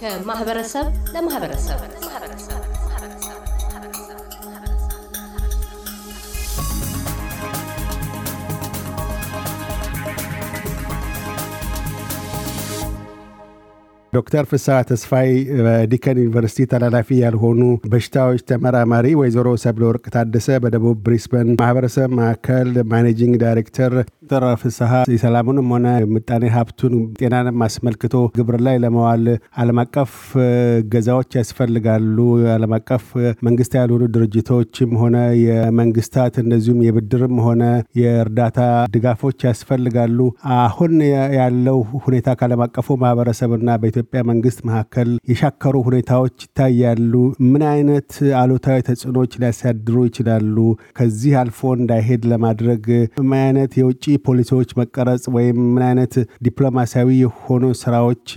ከማህበረሰብ ለማህበረሰብ ዶክተር ፍሳ ተስፋይ በዲከን ዩኒቨርሲቲ ተላላፊ ያልሆኑ በሽታዎች ተመራማሪ፣ ወይዘሮ ወርቅ ታደሰ በደቡብ ብሪስበን ማህበረሰብ ማዕከል ማኔጂንግ ዳይሬክተር። ዶክተር ፍስሐ የሰላሙንም ሆነ ምጣኔ ሀብቱን ጤናንም አስመልክቶ ግብር ላይ ለመዋል ዓለም አቀፍ ገዛዎች ያስፈልጋሉ። ዓለም አቀፍ መንግስት ያልሆኑ ድርጅቶችም ሆነ የመንግስታት እንደዚሁም የብድርም ሆነ የእርዳታ ድጋፎች ያስፈልጋሉ። አሁን ያለው ሁኔታ ከዓለም አቀፉ ማህበረሰብና በኢትዮ በኢትዮጵያ መንግስት መካከል የሻከሩ ሁኔታዎች ይታያሉ። ምን አይነት አሉታዊ ተጽዕኖዎች ሊያሳድሩ ይችላሉ? ከዚህ አልፎ እንዳይሄድ ለማድረግ ምን አይነት የውጭ ፖሊሲዎች መቀረጽ ወይም ምን አይነት ዲፕሎማሲያዊ የሆኑ ስራዎች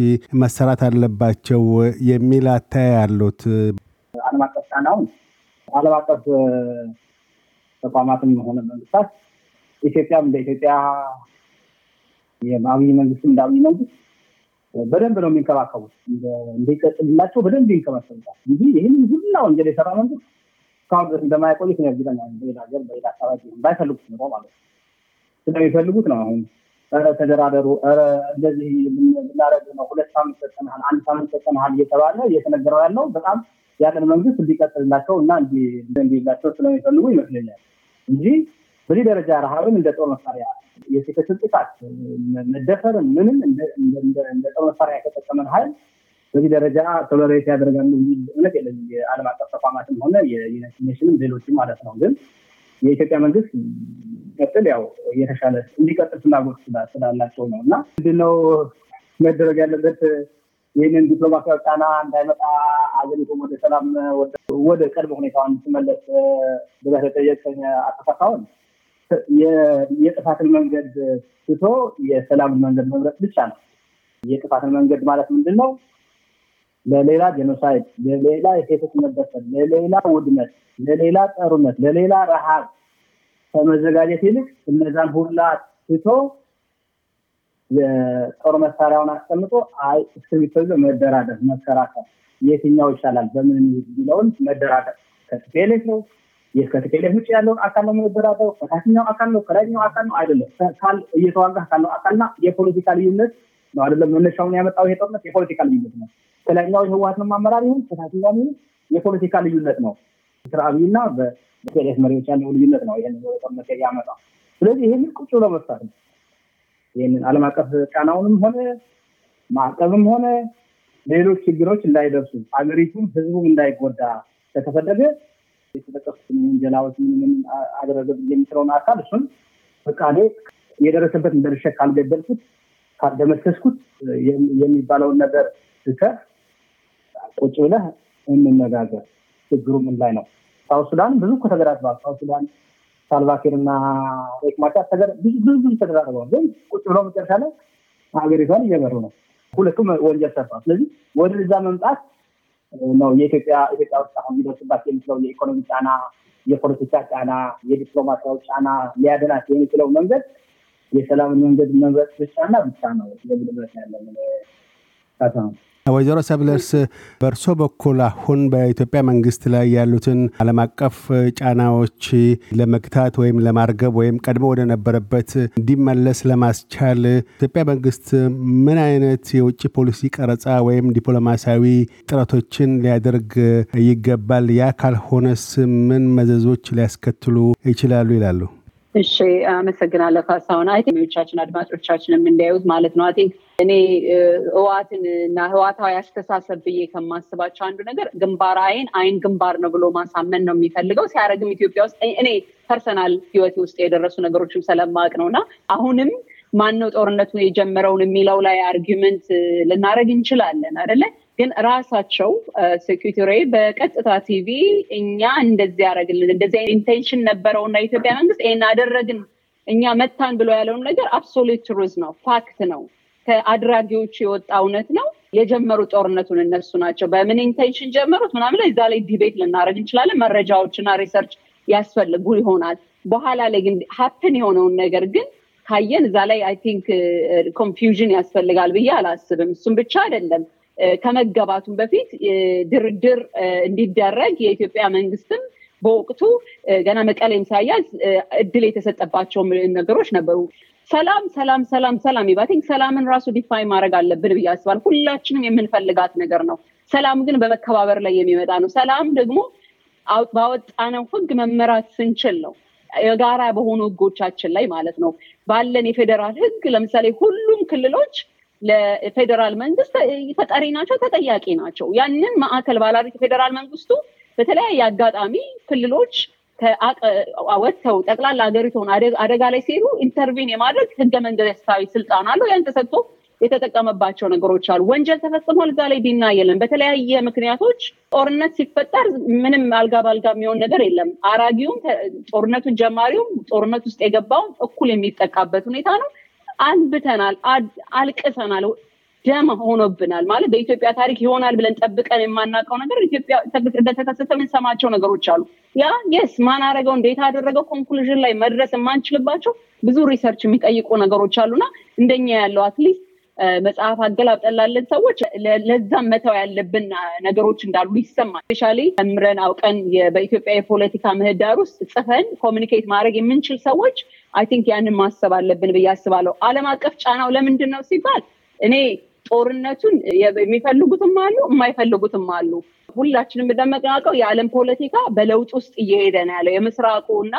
መሰራት አለባቸው የሚል አታያ አሉት። ዓለም አቀፍ ጫናውን ዓለም አቀፍ ተቋማትም ሆነ መንግስታት ኢትዮጵያም እንደ ኢትዮጵያ የአብይ መንግስትም እንደ አብይ መንግስት በደንብ ነው የሚንከባከቡት። እንዲቀጥልላቸው በደንብ ይንከባከቡታል እንጂ ይህን ሁላ ወንጀል የሰራ መንግስት እስካሁን ድረስ እንደማይቆዩት ነው እርግጠኛ። በሌላ ሀገር በሌላ አካባቢ ባይፈልጉት ኑሮ ማለት ነው። ስለሚፈልጉት ነው አሁን ረ ተደራደሩ፣ ረ እንደዚህ ብናረግ ነው፣ ሁለት ሳምንት ሰጠናል፣ አንድ ሳምንት ሰጠናል እየተባለ እየተነገረው ያለው በጣም ያለን መንግስት እንዲቀጥልላቸው እና እንዲላቸው ስለሚፈልጉ ይመስለኛል እንጂ በዚህ ደረጃ ረሃብን እንደ ጦር መሳሪያ የሴቶችን ጥቃት፣ መደፈር ምንም እንደ ጦር መሳሪያ የተጠቀመን ሀይል በዚህ ደረጃ ቶሎሬት ያደርጋሉ የሚል እምነት የለም። የዓለም አቀፍ ተቋማትም ሆነ የዩናይትድ ኔሽንም ሌሎችም ማለት ነው። ግን የኢትዮጵያ መንግስት ቀጥል ያው እየተሻለ እንዲቀጥል ፍላጎት ስላላቸው ነው እና ምንድነው መደረግ ያለበት ይህንን ዲፕሎማሲያዊ ጫና እንዳይመጣ አገሪቱ ወደ ሰላም ወደ ቀድሞ ሁኔታዋን እንድትመለስ ብለህ ተጠየቀኝ አተሳሳውን የጥፋትን መንገድ ትቶ የሰላምን መንገድ መምረጥ ብቻ ነው። የጥፋትን መንገድ ማለት ምንድን ነው? ለሌላ ጀኖሳይድ፣ ለሌላ የሴቶች መበሰል፣ ለሌላ ውድመት፣ ለሌላ ጠሩነት፣ ለሌላ ረሃብ ከመዘጋጀት ይልቅ እነዛን ሁላ ትቶ የጦር መሳሪያውን አስቀምጦ አይ እስክሪብቶ ይዞ መደራደር፣ መከራከር፣ የትኛው ይሻላል በምን የሚለውን መደራደር ከስፔሌት ነው ይህ ከትክልህ ውጭ ያለውን አካል ነው የሚወዳደረው፣ ከታችኛው አካል ነው ከላይኛው አካል ነው አይደለም። ካል እየተዋጋ ካለው አካልና የፖለቲካ ልዩነት ነው አይደለም። መነሻውን ያመጣው ይሄ ጦርነት የፖለቲካ ልዩነት ነው። ከላይኛው የህወሀት ማመራር ይሁን ከታችኛው ይሁን የፖለቲካ ልዩነት ነው። ስራአብይና በኢትዮጵያ መሪዎች ያለው ልዩነት ነው ይህን ጦርነት ያመጣው። ስለዚህ ይህንን ቁጭ ብሎ መፍታት ነው። ይህንን አለም አቀፍ ጫናውንም ሆነ ማዕቀብም ሆነ ሌሎች ችግሮች እንዳይደርሱ አገሪቱም ህዝቡም እንዳይጎዳ ከተፈለገ የተጠቀሱትን ምንምን አደረገ የሚስለውን አካል እሱን ፈቃዴ የደረሰበት ደርሼ ካልገደልኩት ካልደመሰስኩት የሚባለውን ነገር ስከ ቁጭ ብለህ እንነጋገር። ችግሩ ምን ላይ ነው? ሳውት ሱዳን ብዙ እኮ ተገዳድበዋል። ሳውት ሱዳን ሳልቫኪር እና ሬክ ማቻር ብዙ ብዙ ተደራርበዋል። ግን ቁጭ ብለው መጨረሻ ላይ ሀገሪቷን እየመሩ ነው። ሁለቱም ወንጀል ሰርቷል። ስለዚህ ወደ ዛ መምጣት ነው የኢትዮጵያ ኢትዮጵያ ውስጥ አሁን ሊደርስባት የሚችለው የኢኮኖሚ ጫና፣ የፖለቲካ ጫና፣ የዲፕሎማሲያዊ ጫና ሊያድናት የሚችለው መንገድ የሰላምን መንገድ መምረጥ ብቻና ብቻ ነው የሚል ያለምን ወይዘሮ ሰብለስ በእርሶ በኩል አሁን በኢትዮጵያ መንግስት ላይ ያሉትን ዓለም አቀፍ ጫናዎች ለመግታት ወይም ለማርገብ ወይም ቀድሞ ወደ ነበረበት እንዲመለስ ለማስቻል ኢትዮጵያ መንግስት ምን አይነት የውጭ ፖሊሲ ቀረጻ ወይም ዲፕሎማሲያዊ ጥረቶችን ሊያደርግ ይገባል? ያ ካልሆነስ ምን መዘዞች ሊያስከትሉ ይችላሉ ይላሉ? እሺ፣ አመሰግናለሁ ካሳሁን። አይ ቲንክ አድማጮቻችንም እንዲያዩት ማለት ነው አይ ቲንክ እኔ እዋትን እና ህዋታዊ አስተሳሰብ ብዬ ከማስባቸው አንዱ ነገር ግንባር አይን አይን ግንባር ነው ብሎ ማሳመን ነው የሚፈልገው። ሲያደረግም ኢትዮጵያ ውስጥ እኔ ፐርሰናል ህይወቴ ውስጥ የደረሱ ነገሮችም ስለማቅ ነው እና አሁንም ማን ነው ጦርነቱ የጀመረውን የሚለው ላይ አርጊመንት ልናደረግ እንችላለን አደለ? ግን ራሳቸው ሴኪሪቲ በቀጥታ ቲቪ እኛ እንደዚህ ያደረግልን እንደዚህ ኢንቴንሽን ነበረውና ኢትዮጵያ መንግስት ይህን አደረግን እኛ መታን ብሎ ያለውን ነገር አብሶሉት ትሩዝ ነው፣ ፋክት ነው። ከአድራጊዎቹ የወጣ እውነት ነው። የጀመሩ ጦርነቱን እነሱ ናቸው። በምን ኢንቴንሽን ጀመሩት ምናምን ላይ እዛ ላይ ዲቤት ልናደረግ እንችላለን። መረጃዎችና ሪሰርች ያስፈልጉ ይሆናል። በኋላ ላይ ግን ሀፕን የሆነውን ነገር ግን ካየን እዛ ላይ አይ ቲንክ ኮንፊውዥን ያስፈልጋል ብዬ አላስብም። እሱም ብቻ አይደለም uh, ከመገባቱም በፊት uh, ድርድር uh, እንዲደረግ የኢትዮጵያ መንግስትም በወቅቱ ገና መቀሌም ሳያዝ እድል የተሰጠባቸው ነገሮች ነበሩ። ሰላም ሰላም ሰላም ሰላም ይባቲንግ ሰላምን ራሱ ዲፋይ ማድረግ አለብን ብዬ አስባል ሁላችንም የምንፈልጋት ነገር ነው። ሰላም ግን በመከባበር ላይ የሚመጣ ነው። ሰላም ደግሞ ባወጣነው ህግ መመራት ስንችል ነው። የጋራ በሆኑ ህጎቻችን ላይ ማለት ነው። ባለን የፌዴራል ህግ ለምሳሌ ሁሉም ክልሎች ለፌዴራል መንግስት ፈጣሪ ናቸው፣ ተጠያቂ ናቸው። ያንን ማዕከል ባላሪት ፌዴራል መንግስቱ በተለያየ አጋጣሚ ክልሎች ወጥተው ጠቅላላ ሀገሪቱን አደጋ ላይ ሲሄዱ ኢንተርቪን የማድረግ ህገ መንግስታዊ ስልጣን አለው። ያን ተሰጥቶ የተጠቀመባቸው ነገሮች አሉ። ወንጀል ተፈጽሟል፣ እዛ ላይ ቢና የለም። በተለያየ ምክንያቶች ጦርነት ሲፈጠር ምንም አልጋ ባልጋ የሚሆን ነገር የለም። አራጊውም ጦርነቱን ጀማሪውም ጦርነት ውስጥ የገባውም እኩል የሚጠቃበት ሁኔታ ነው። አንብተናል፣ አልቅሰናል። ደም ሆኖብናል ማለት በኢትዮጵያ ታሪክ ይሆናል ብለን ጠብቀን የማናውቀው ነገር ኢትዮጵያ እንደተከሰተ የምንሰማቸው ነገሮች አሉ። ያ የስ ማን አረገው እንዴት አደረገው ኮንክሉዥን ላይ መድረስ የማንችልባቸው ብዙ ሪሰርች የሚጠይቁ ነገሮች አሉና እንደኛ ያለው አትሊስት መጽሐፍ አገላብጠላለን ሰዎች ለዛም መተው ያለብን ነገሮች እንዳሉ ይሰማል። ስፔሻ ተምረን አውቀን በኢትዮጵያ የፖለቲካ ምህዳር ውስጥ ጽፈን ኮሚኒኬት ማድረግ የምንችል ሰዎች አይ ቲንክ ያንን ማሰብ አለብን ብዬ አስባለሁ። አለም አቀፍ ጫናው ለምንድን ነው ሲባል እኔ ጦርነቱን የሚፈልጉትም አሉ የማይፈልጉትም አሉ። ሁላችንም እንደምናውቀው የዓለም ፖለቲካ በለውጥ ውስጥ እየሄደ ነው ያለው። የምስራቁ እና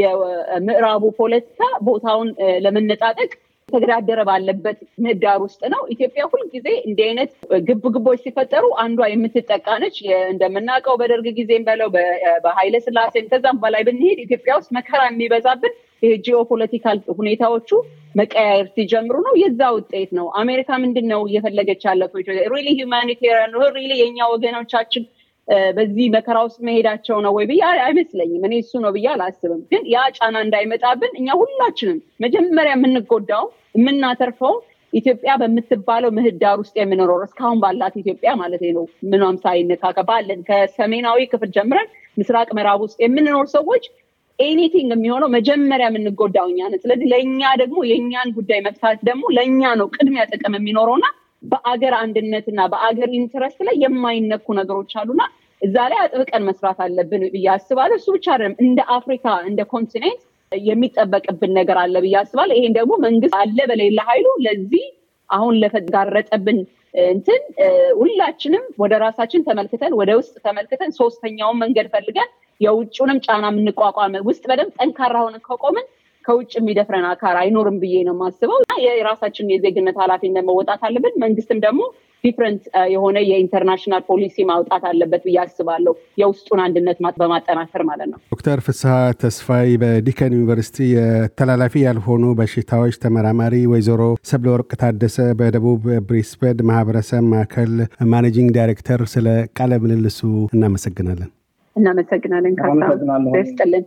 የምዕራቡ ፖለቲካ ቦታውን ለመነጣጠቅ ተደራደረ ባለበት ምህዳር ውስጥ ነው። ኢትዮጵያ ሁልጊዜ እንዲህ አይነት ግብ ግቦች ሲፈጠሩ አንዷ የምትጠቃ ነች። እንደምናውቀው በደርግ ጊዜም በለው በኃይለ ስላሴም ከዛም በላይ ብንሄድ ኢትዮጵያ ውስጥ መከራ የሚበዛብን የጂኦ ፖለቲካል ሁኔታዎቹ መቀያየር ሲጀምሩ ነው። የዛ ውጤት ነው። አሜሪካ ምንድን ነው እየፈለገች ያለፈው ሪሊ ሁማኒቴሪያን ሪሊ የእኛ ወገኖቻችን በዚህ መከራ ውስጥ መሄዳቸው ነው ወይ ብዬ አይመስለኝም። እኔ እሱ ነው ብዬ አላስብም። ግን ያ ጫና እንዳይመጣብን እኛ ሁላችንም መጀመሪያ የምንጎዳው የምናተርፈው ኢትዮጵያ በምትባለው ምህዳር ውስጥ የምንኖረው እስካሁን ባላት ኢትዮጵያ ማለት ነው። ምኗም ሳይነካከ ባለን ከሰሜናዊ ክፍል ጀምረን ምስራቅ ምዕራብ ውስጥ የምንኖር ሰዎች ኤኒቲንግ የሚሆነው መጀመሪያ የምንጎዳው እኛ ነን። ስለዚህ ለእኛ ደግሞ የእኛን ጉዳይ መፍታት ደግሞ ለእኛ ነው ቅድሚያ ጥቅም የሚኖረውና በአገር አንድነትና በአገር ኢንትረስት ላይ የማይነኩ ነገሮች አሉና እዛ ላይ አጥብቀን መስራት አለብን ብዬ አስባለሁ። እሱ ብቻ አይደለም፣ እንደ አፍሪካ እንደ ኮንቲኔንት የሚጠበቅብን ነገር አለ ብዬ አስባለሁ። ይሄን ደግሞ መንግስት አለ በሌለ ኃይሉ ለዚህ አሁን ለተጋረጠብን እንትን ሁላችንም ወደ ራሳችን ተመልክተን ወደ ውስጥ ተመልክተን ሶስተኛውን መንገድ ፈልገን የውጭውንም ጫና የምንቋቋም ውስጥ በደንብ ጠንካራ ሆነን ከቆምን ከውጭ የሚደፍረን አካል አይኖርም ብዬ ነው የማስበው እና የራሳችን የዜግነት ኃላፊነት መወጣት አለብን። መንግስትም ደግሞ ዲፍረንት uh, የሆነ የኢንተርናሽናል ፖሊሲ ማውጣት አለበት ብዬ አስባለሁ። የውስጡን አንድነት በማጠናከር ማለት ነው። ዶክተር ፍስሀ ተስፋይ በዲከን ዩኒቨርሲቲ የተላላፊ ያልሆኑ በሽታዎች ተመራማሪ፣ ወይዘሮ ሰብለ ወርቅ ታደሰ በደቡብ ብሪስበን ማህበረሰብ ማዕከል ማኔጂንግ ዳይሬክተር፣ ስለ ቃለ ምልልሱ እናመሰግናለን። እናመሰግናለን። ካሳ ስጥልን።